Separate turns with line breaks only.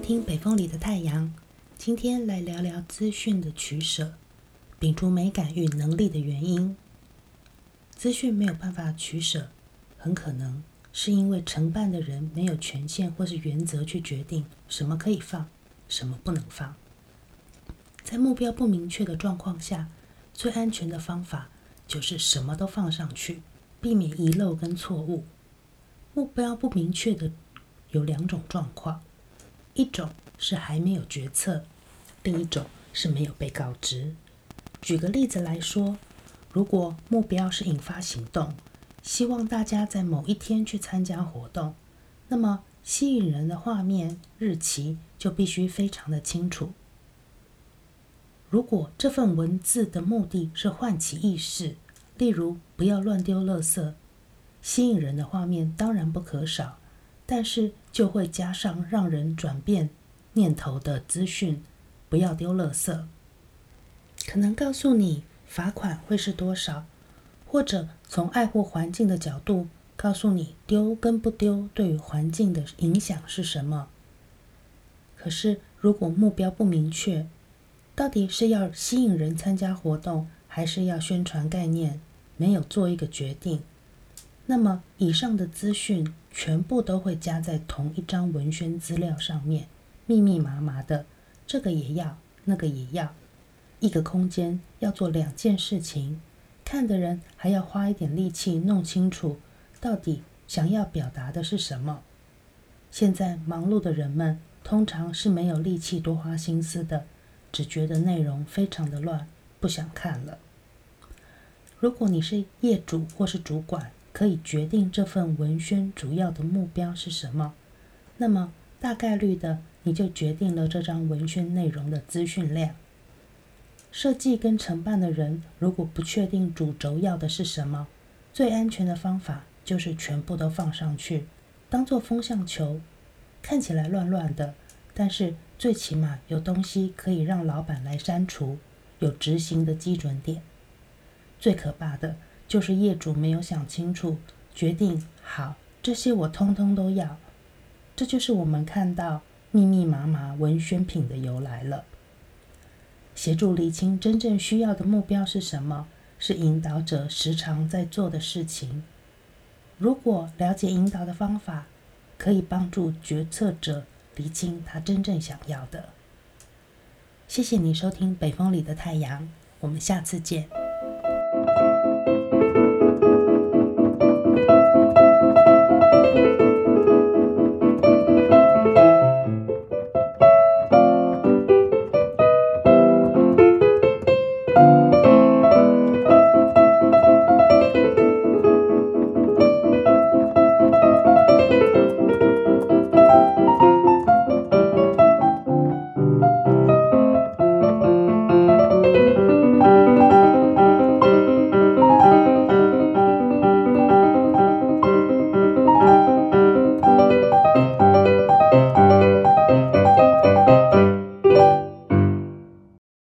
聽北風裡的太陽，今天來聊聊資訊的取舍，摒除美感與能力的原因。資訊沒有辦法取舍，很可能是因為承辦的人沒有權限或是原則去決定什麼可以放，什麼不能放。在目標不明確的狀況下，最安全的方法就是什麼都放上去，避免遺漏跟錯誤。目標不明確的有兩種狀況。一種是還沒有決策，另一種是沒有被告知。舉個例子來說，如果目標是引發行動，希望大家在某一天去參加活動，那麼吸引人的畫面、日期就必須非常的清楚。如果這份文字的目的是喚起意識，例如不要亂丟垃圾，吸引人的畫面當然不可少。但是就會加上讓人轉變念頭的資訊，不要丟垃圾，可能告訴你罰款會是多少，或者從愛護環境的角度告訴你丟跟不丟對於環境的影響是什麼。可是如果目標不明確，到底是要吸引人參加活動，還是要宣傳概念，沒有做一個決定。那麼，以上的資訊全部都會加在同一張文宣資料上面，密密麻麻的，這個也要，那個也要，一個空間要做兩件事情，看的人還要花一點力氣弄清楚，到底想要表達的是什麼。現在忙碌的人們通常是沒有力氣多花心思的，只覺得內容非常的亂，不想看了。如果你是業主或是主管，可以決定這份文宣主要的目標是什麼，那麼大概率的你就決定了這張文宣內容的資訊量。設計跟承辦的人如果不確定主軸要的是什麼，最安全的方法就是全部都放上去，當做風向球，看起來亂亂的，但是最起碼有東西可以讓老闆來刪除，有執行的基準點。最可怕的。就是業主沒有想清楚，決定好這些我通通都要，這就是我們看到密密麻麻文宣品的由來了。協助釐清真正需要的目標是什麼，是引導者時常在做的事情。如果了解引導的方法，可以幫助決策者釐清他真正想要的。謝謝你收聽《北風裡的太陽》，我們下次見。